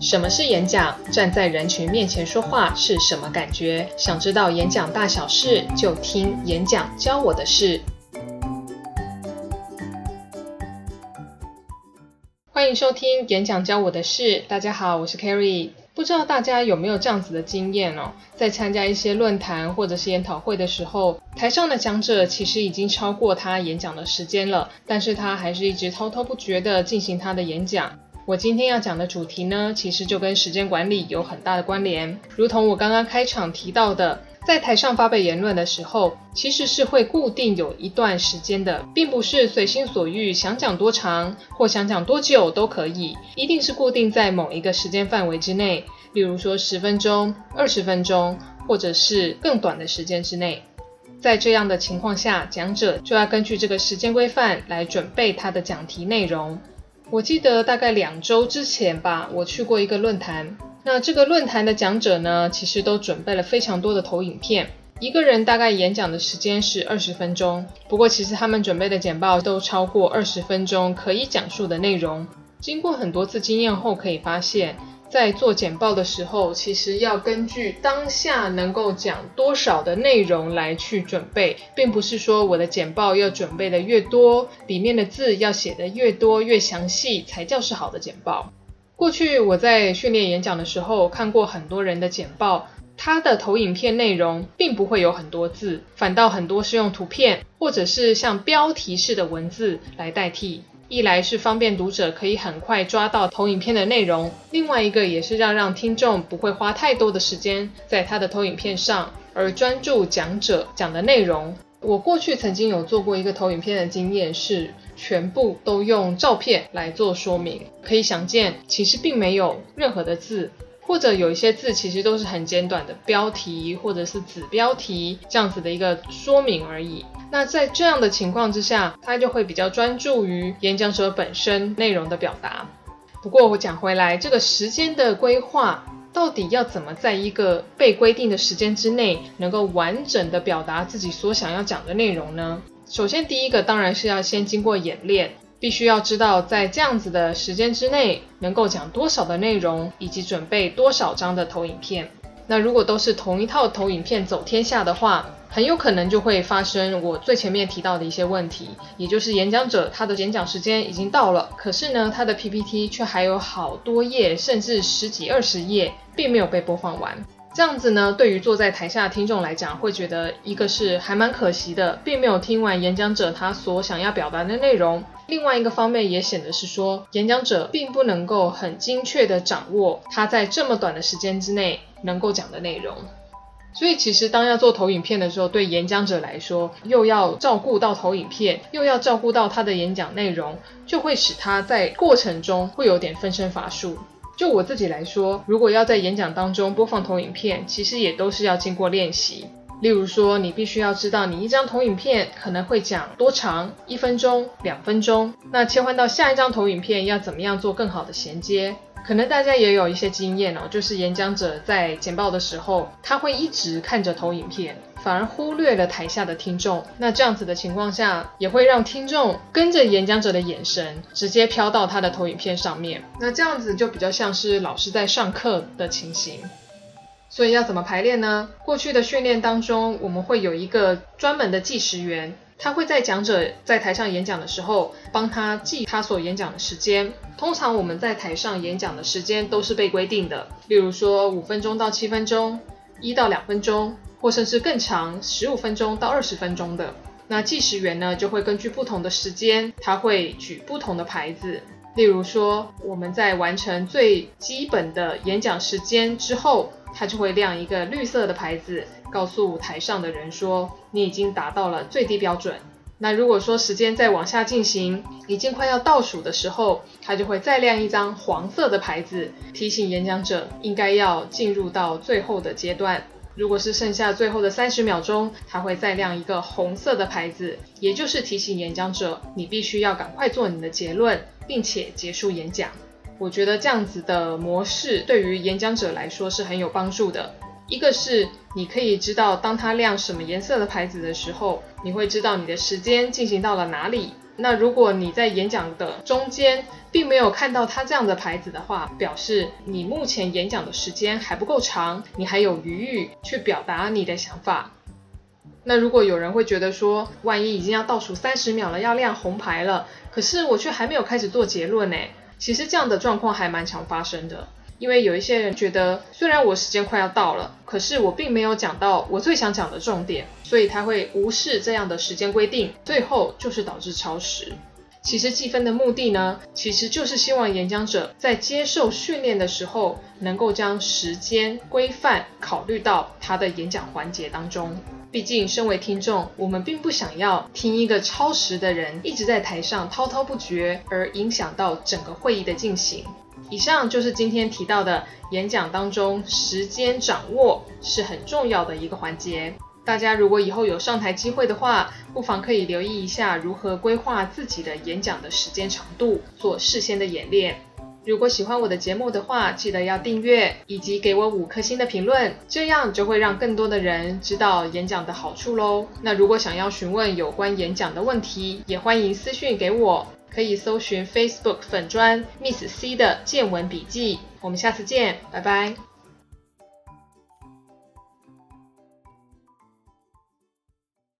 什麼是演講？站在人群面前說話是什麼感覺？想知道演講大小事，就聽《演講教我的事》。歡迎收聽《演講教我的事》。大家好，我是 Kerry。不知道大家有沒有這樣子的經驗哦？在參加一些論壇或者是研討會的時候，台上的講者其實已經超過他演講的時間了，但是他還是一直滔滔不絕的進行他的演講。我今天要講的主題呢，其實就跟時間管理有很大的關聯。如同我剛剛開場提到的，在台上發表言論的時候，其實是會固定有一段時間的，並不是隨心所欲想講多長或想講多久都可以，一定是固定在某一個時間範圍之內，例如說十分鐘、二十分鐘，或者是更短的時間之內。在這樣的情況下，講者就要根據這個時間規範來準備他的講題內容。我記得大概兩周之前吧，我去過一個論壇。那這個論壇的講者呢，其實都準備了非常多的投影片，一個人大概演講的時間是二十分鐘。不過其實他們準備的簡報都超過二十分鐘可以講述的內容。經過很多次經驗後可以發現，在做簡報的時候，其實要根據當下能夠講多少的內容來去準備，並不是說我的簡報要準備得越多，裡面的字要寫得越多越詳細才叫是好的簡報。過去我在訓練演講的時候看過很多人的簡報，他的投影片內容並不會有很多字，反倒很多是用圖片或者是像標題式的文字來代替。一來是方便讀者可以很快抓到投影片的內容，另外一個也是要讓聽眾不會花太多的時間在他的投影片上，而專注講者講的內容。我過去曾經有做過一個投影片的經驗，是全部都用照片來做說明，可以想見其實並沒有任何的字，或者有一些字其實都是很簡短的標題或者是子標題這樣子的一個說明而已。那在這樣的情況之下，他就會比較專注於演講者本身內容的表達。不過我講回來，這個時間的規劃到底要怎麼在一個被規定的時間之內，能夠完整的表達自己所想要講的內容呢？首先，第一個當然是要先經過演練，必須要知道在這樣子的時間之內，能夠講多少的內容，以及準備多少張的投影片。那如果都是同一套投影片走天下的話，很有可能就會發生我最前面提到的一些問題，也就是演講者他的演講時間已經到了，可是呢，他的 PPT 卻還有好多頁，甚至十幾二十頁，並沒有被播放完。這樣子呢，對於坐在台下的聽眾來講，會覺得一個是還蠻可惜的，並沒有聽完演講者他所想要表達的內容；另外一個方面也顯得是說，演講者並不能夠很精確地掌握他在這麼短的時間之內能夠講的內容。所以其實當要做投影片的時候，對演講者來說，又要照顧到投影片，又要照顧到他的演講內容，就會使他在過程中會有點分身乏術。就我自己來說，如果要在演講當中播放投影片，其實也都是要經過練習。例如說，你必須要知道你一張投影片可能會講多長，一分鐘、兩分鐘，那切換到下一張投影片要怎麼樣做更好的銜接？可能大家也有一些經驗哦，就是演講者在簡報的時候，他會一直看着投影片。反而忽略了台下的聽眾，那這樣子的情況下，也會讓聽眾跟着演講者的眼神直接飄到他的投影片上面，那這樣子就比較像是老師在上課的情形。所以要怎麼排練呢？過去的訓練當中，我們會有一個專門的計時員，他會在講者在台上演講的時候，幫他記他所演講的時間。通常我們在台上演講的時間都是被規定的，例如說五分鐘到七分鐘，一到兩分鐘。或甚至更長，十五分鐘到二十分鐘的，那計時員呢就會根據不同的時間，他會舉不同的牌子。例如說，我們在完成最基本的演講時間之後，他就會亮一個綠色的牌子，告訴台上的人說你已經達到了最低標準。那如果說時間再往下進行，已經快要倒數的時候，他就會再亮一張黃色的牌子，提醒演講者應該要進入到最後的階段。如果是剩下最後的三十秒鐘，他會再亮一個紅色的牌子，也就是提醒演講者，你必須要趕快做你的結論，並且結束演講。我覺得這樣子的模式對於演講者來說是很有幫助的。一個是你可以知道，當他亮什麼顏色的牌子的時候，你會知道你的時間進行到了哪裡。那如果你在演講的中間並沒有看到他這樣的牌子的話，表示你目前演講的時間還不夠長，你還有餘裕去表達你的想法。那如果有人會覺得說，萬一已經要倒數三十秒了，要亮紅牌了，可是我卻還沒有開始做結論呢？其實這樣的狀況還蠻常發生的。因為有一些人覺得，雖然我時間快要到了，可是我並沒有講到我最想講的重點，所以他會無視這樣的時間規定，最後就是導致超時。其實計分的目的呢，其實就是希望演講者在接受訓練的時候，能夠將時間規範考慮到他的演講環節當中。畢竟身為聽眾，我們並不想要聽一個超時的人一直在台上滔滔不絕，而影響到整個會議的進行。以上就是今天提到的演講當中，時間掌握是很重要的一個環節。大家如果以後有上台機會的話，不妨可以留意一下如何規劃自己的演講的時間長度，做事先的演練。如果喜歡我的節目的話，記得要訂閱以及給我五顆星的評論，這樣就會讓更多的人知道演講的好處嘍。那如果想要詢問有關演講的問題，也歡迎私訊給我。可以搜尋 Facebook 粉專 Miss C 的見聞筆記。我們下次見，拜拜。